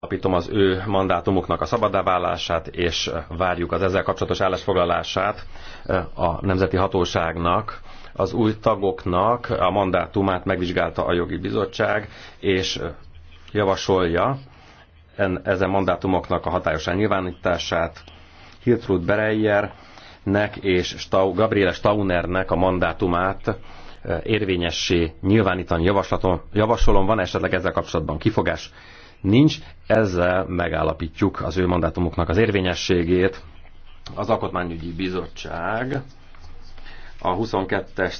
Alapítom az ő mandátumoknak a szabadáválását, és várjuk az ezzel kapcsolatos állásfoglalását eh, a Nemzeti Hatóságnak. Az új tagoknak a mandátumát megvizsgálta a jogi bizottság, és eh, javasolja en, ezen mandátumoknak a hatályos nyilvánítását. Hiltrud Bereyernek és Stau, Gabriele Staunernek a mandátumát eh, érvényessé nyilvánítani javaslatom, javasolom. Van esetleg ezzel kapcsolatban kifogás? nincs, ezzel megállapítjuk az ő mandátumoknak az érvényességét. Az Alkotmányügyi Bizottság a 22-es